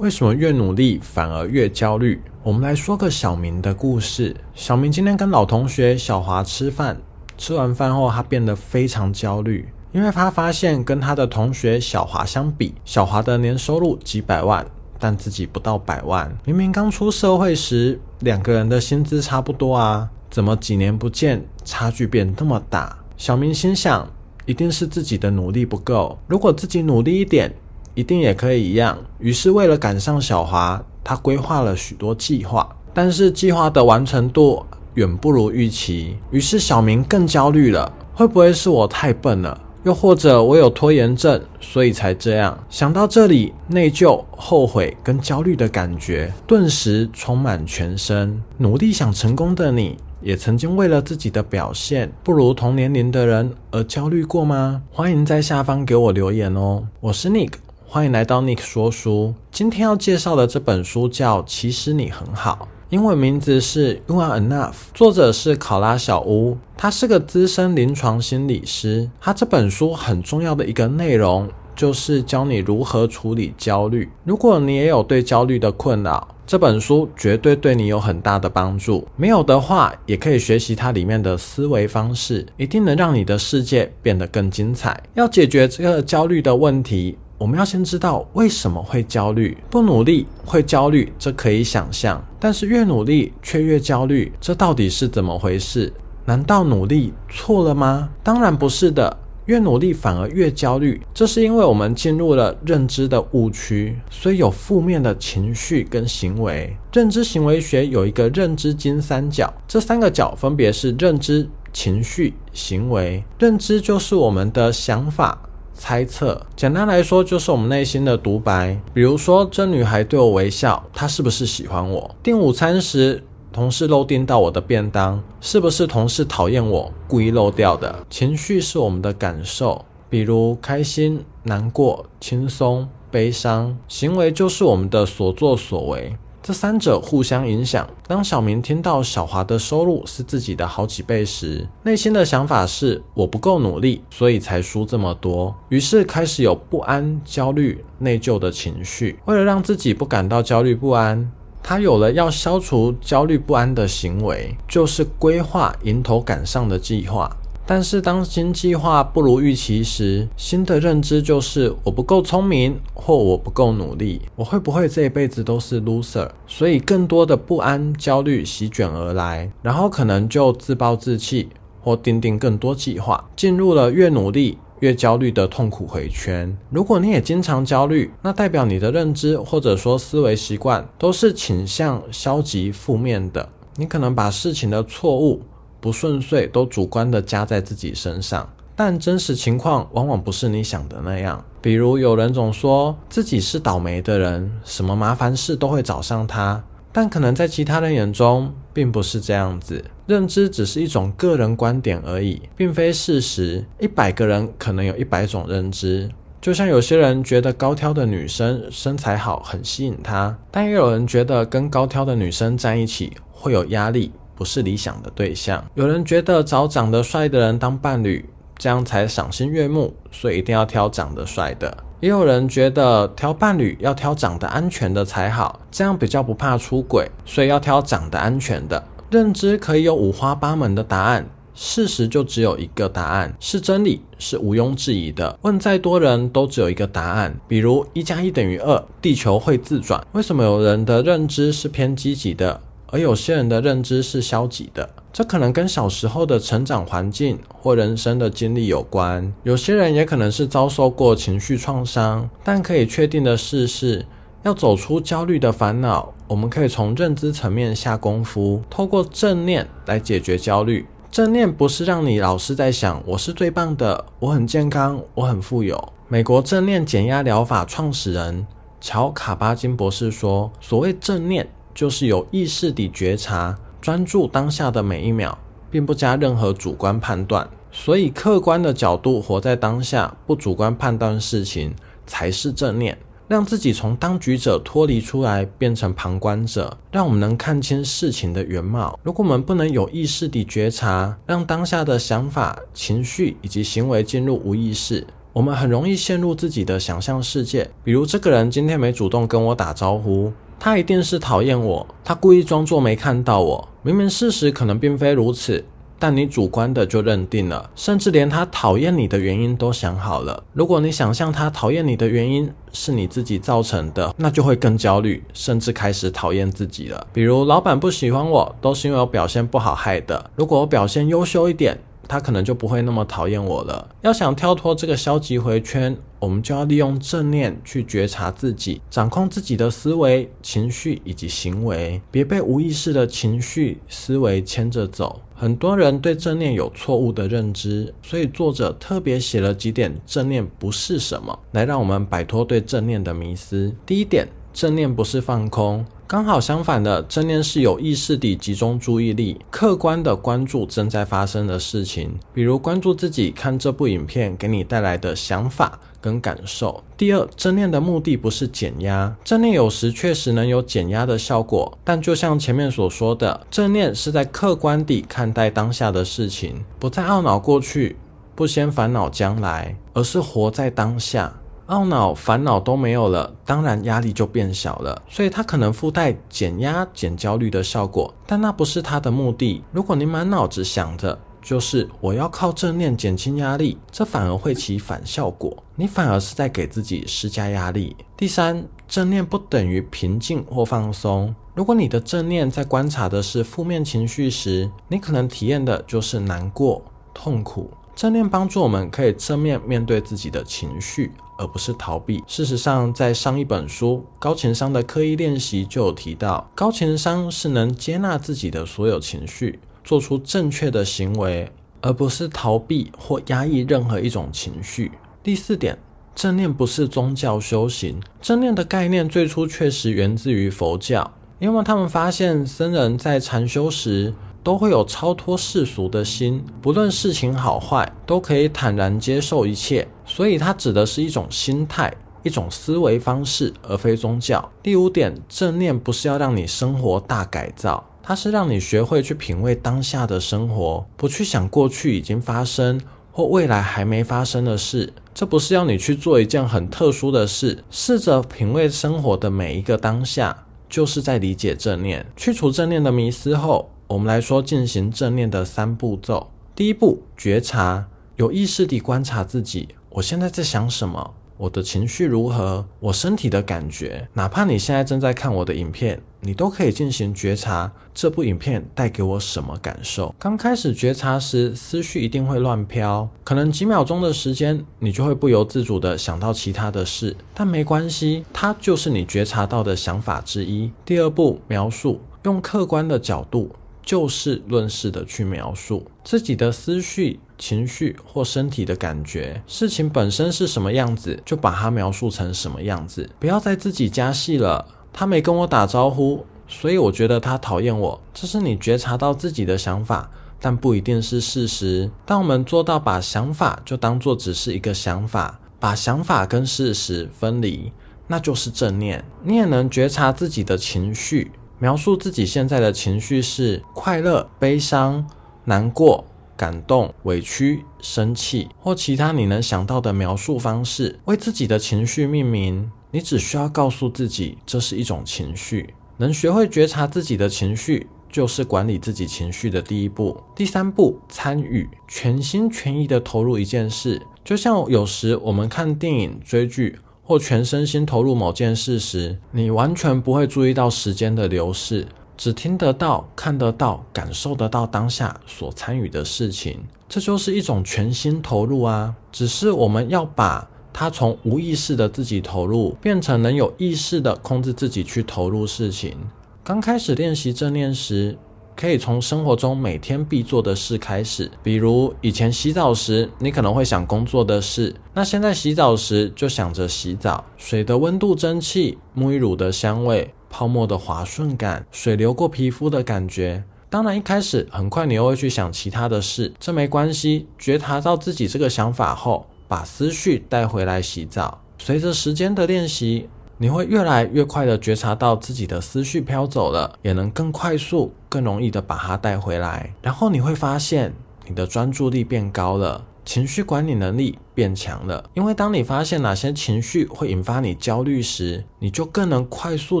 為什麼越努力，反而越焦慮？我們來說個小明的故事。小明今天跟老同學小華吃飯，吃完飯後他變得非常焦慮，因為他發現跟他的同學小華相比，小華的年收入幾百萬，但自己不到百萬。明明剛出社會時，兩個人的薪資差不多啊，怎麼幾年不見差距變那麼大？小明心想，一定是自己的努力不夠。如果自己努力一點，一定也可以一樣。於是，為了趕上小華，他規劃了許多計劃，但是計劃的完成度遠不如預期。於是，小明更焦慮了：會不會是我太笨了？又或者我有拖延症，所以才這樣？想到這裡，內疚、後悔跟焦慮的感覺頓時充滿全身。努力想成功的你，也曾經為了自己的表現不如同年齡的人而焦慮過嗎？歡迎在下方給我留言哦。我是 Nick。歡迎來到 Nick 說書。今天要介紹的這本書叫《其實你很好》，英文名字是《You Are Enough》，作者是考拉小巫。他是個資深臨床心理師。他這本書很重要的一個內容，就是教你如何處理焦慮。如果你也有對焦慮的困擾，這本書絕對對你有很大的幫助。沒有的話，也可以學習它裡面的思維方式，一定能讓你的世界變得更精彩。要解決這個焦慮的問題，我們要先知道為什麼會焦慮，不努力會焦慮，這可以想象。但是越努力卻越焦慮，這到底是怎麼回事？難道努力錯了嗎？當然不是的，越努力反而越焦慮，這是因為我們進入了認知的誤區，所以有負面的情緒跟行為。認知行為學有一個認知金三角，這三個角分別是認知、情緒、行為。認知就是我們的想法。猜測，簡單來說就是我們內心的獨白。比如說，這女孩對我微笑，她是不是喜歡我？訂午餐時，同事漏訂到我的便當，是不是同事討厭我故意漏掉的？情緒是我們的感受，比如開心、難過、輕鬆、悲傷。行為就是我們的所作所為。這三者互相影響。當小明聽到小華的收入是自己的好幾倍時，內心的想法是我不夠努力，所以才輸這麼多。於是開始有不安、焦慮、內疚的情緒。為了讓自己不感到焦慮不安，他有了要消除焦慮不安的行為，就是規劃迎頭趕上的計劃。但是當新計劃不如預期時，新的認知就是我不夠聰明或我不夠努力。我會不會這一輩子都是 loser？所以更多的不安、焦慮席捲而來，然後可能就自暴自棄，或訂定更多計劃，進入了越努力越焦慮的痛苦回圈。如果你也經常焦慮，那代表你的認知或者說思維習慣都是傾向消極、負面的。你可能把事情的錯誤。不順遂都主觀的加在自己身上，但真實情況往往不是你想的那樣。比如，有人總說自己是倒霉的人，什麼麻煩事都會找上他，但可能在其他人眼中並不是這樣子。認知只是一種個人觀點而已，並非事實。一百個人可能有一百種認知。就像有些人覺得高挑的女生身材好，很吸引他，但也有人覺得跟高挑的女生在一起會有壓力。不是理想的對象。有人覺得找長得帥的人當伴侶，這樣才賞心悅目，所以一定要挑長得帥的。也有人覺得挑伴侶要挑長得安全的才好，這樣比較不怕出軌，所以要挑長得安全的。認知可以有五花八門的答案，事實就只有一個答案，是真理，是毋庸置疑的。問再多人都只有一個答案，比如一加一等於二，地球會自轉。為什麼有人的認知是偏積極的？而有些人的認知是消極的，這可能跟小時候的成長環境或人生的經歷有關。有些人也可能是遭受過情緒創傷。但可以確定的是是，要走出焦慮的煩惱，我們可以從認知層面下功夫，透過正念來解決焦慮。正念不是讓你老是在想，我是最棒的，我很健康，我很富有。美國正念減壓療法創始人喬·卡巴金博士說：“所謂正念。”就是有意識地覺察，專注當下的每一秒，並不加任何主觀判斷。所以，客觀的角度活在當下，不主觀判斷事情，才是正念。讓自己從當局者脫離出來，變成旁觀者，讓我們能看清事情的原貌。如果我們不能有意識地覺察，讓當下的想法、情緒以及行為進入無意識，我們很容易陷入自己的想象世界。比如，這個人今天沒主動跟我打招呼。他一定是討厭我，他故意裝作沒看到我。明明事實可能並非如此，但你主觀的就認定了，甚至連他討厭你的原因都想好了。如果你想象他討厭你的原因是你自己造成的，那就會更焦慮，甚至開始討厭自己了。比如老闆不喜歡我，都是因為我表現不好害的。如果我表現優秀一點，他可能就不會那麼討厭我了。要想跳脫這個消極迴圈，我們就要利用正念去覺察自己，掌控自己的思維、情緒以及行為，別被無意識的情緒、思維牽着走。很多人對正念有錯誤的認知，所以作者特別寫了幾點正念不是什麼，來讓我們擺脫對正念的迷思。第一點，正念不是放空。剛好相反的，正念是有意識地集中注意力，客觀地關注正在發生的事情，比如關注自己看這部影片給你帶來的想法跟感受。第二，正念的目的不是減壓，正念有時確實能有減壓的效果，但就像前面所說的，正念是在客觀地看待當下的事情，不再懊惱過去，不先煩惱將來，而是活在當下。懊惱、煩惱都沒有了，當然壓力就變小了。所以它可能附帶減壓、減焦慮的效果，但那不是它的目的。如果你滿腦子想着就是我要靠正念減輕壓力，這反而會起反效果，你反而是在給自己施加壓力。第三，正念不等於平靜或放鬆。如果你的正念在觀察的是負面情緒時，你可能體驗的就是難過、痛苦。正念幫助我們可以正面面對自己的情緒。而不是逃避。事實上，在上一本書《高情商的刻意練習》就有提到，高情商是能接納自己的所有情緒，做出正確的行為，而不是逃避或壓抑任何一種情緒。第四點，正念不是宗教修行。正念的概念最初確實源自於佛教，因為他們發現僧人在禪修時，都會有超脫世俗的心，不論事情好壞，都可以坦然接受一切。所以它指的是一種心態，一種思維方式，而非宗教。第五點，正念不是要讓你生活大改造，它是讓你學會去品味當下的生活，不去想過去已經發生或未來還沒發生的事。這不是要你去做一件很特殊的事，試着品味生活的每一個當下，就是在理解正念。去除正念的迷思後，我們來說進行正念的三步驟。第一步，覺察，有意識地觀察自己，我現在在想什麼，我的情緒如何，我身體的感覺。哪怕你現在正在看我的影片，你都可以進行覺察，這部影片帶給我什麼感受。剛開始覺察時，思緒一定會亂飄，可能幾秒鐘的時間，你就會不由自主地想到其他的事，但沒關係，它就是你覺察到的想法之一。第二步，描述，用客觀的角度。就事論事的去描述自己的思緒、情緒或身體的感覺，事情本身是什麼樣子，就把它描述成什麼樣子，不要再自己加戲了。他沒跟我打招呼，所以我覺得他討厭我。這是你覺察到自己的想法，但不一定是事實。當我們做到把想法就當作只是一個想法，把想法跟事實分離，那就是正念。你也能覺察自己的情緒。描述自己現在的情緒是快樂、悲傷、難過、感動、委屈、生氣或其他你能想到的描述方式，為自己的情緒命名。你只需要告訴自己這是一種情緒。能學會覺察自己的情緒，就是管理自己情緒的第一步。第三步，參與，全心全意地投入一件事，就像有時我們看電影、追劇。或全身心投入某件事時，你完全不會注意到時間的流逝，只聽得到、看得到、感受得到當下所參與的事情。這就是一種全心投入啊！只是我們要把它從無意識的自己投入，變成能有意識的控制自己去投入事情。剛開始練習正念時，可以從生活中每天必做的事開始，比如以前洗澡時，你可能會想工作的事，那現在洗澡時就想着洗澡，水的溫度、蒸汽、沐浴乳的香味、泡沫的滑順感、水流過皮膚的感覺。當然，一開始很快你又會去想其他的事，這沒關係。覺察到自己這個想法後，把思緒帶回來洗澡。隨着時間的練習。你會越來越快的覺察到自己的思緒飄走了，也能更快速、更容易的把它帶回來。然後你會發現，你的專注力變高了，情緒管理能力變強了。因為當你發現哪些情緒會引發你焦慮時，你就更能快速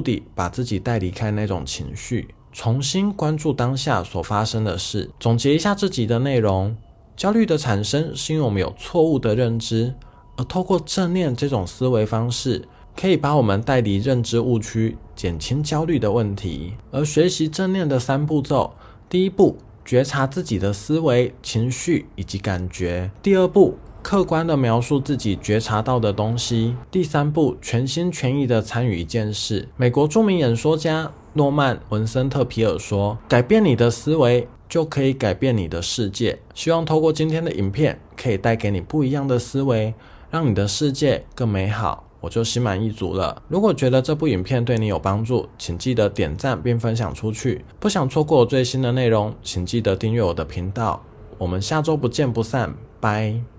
地把自己帶離開那種情緒，重新關注當下所發生的事。總結一下這集的內容：焦慮的產生是因為我們有錯誤的認知，而透過正念這種思維方式。可以把我們帶離認知誤區，減輕焦慮的問題。而學習正念的三步驟：第一步，覺察自己的思維、情緒以及感覺；第二步，客觀地描述自己覺察到的東西；第三步，全心全意地參與一件事。美國著名演說家諾曼·文森特·皮爾說：“改變你的思維，就可以改變你的世界。”希望透過今天的影片，可以帶給你不一樣的思維，讓你的世界更美好。我就心滿意足了。如果覺得這部影片對你有幫助，請記得點讚並分享出去。不想錯過我最新的內容，請記得訂閱我的頻道。我們下周不見不散，拜。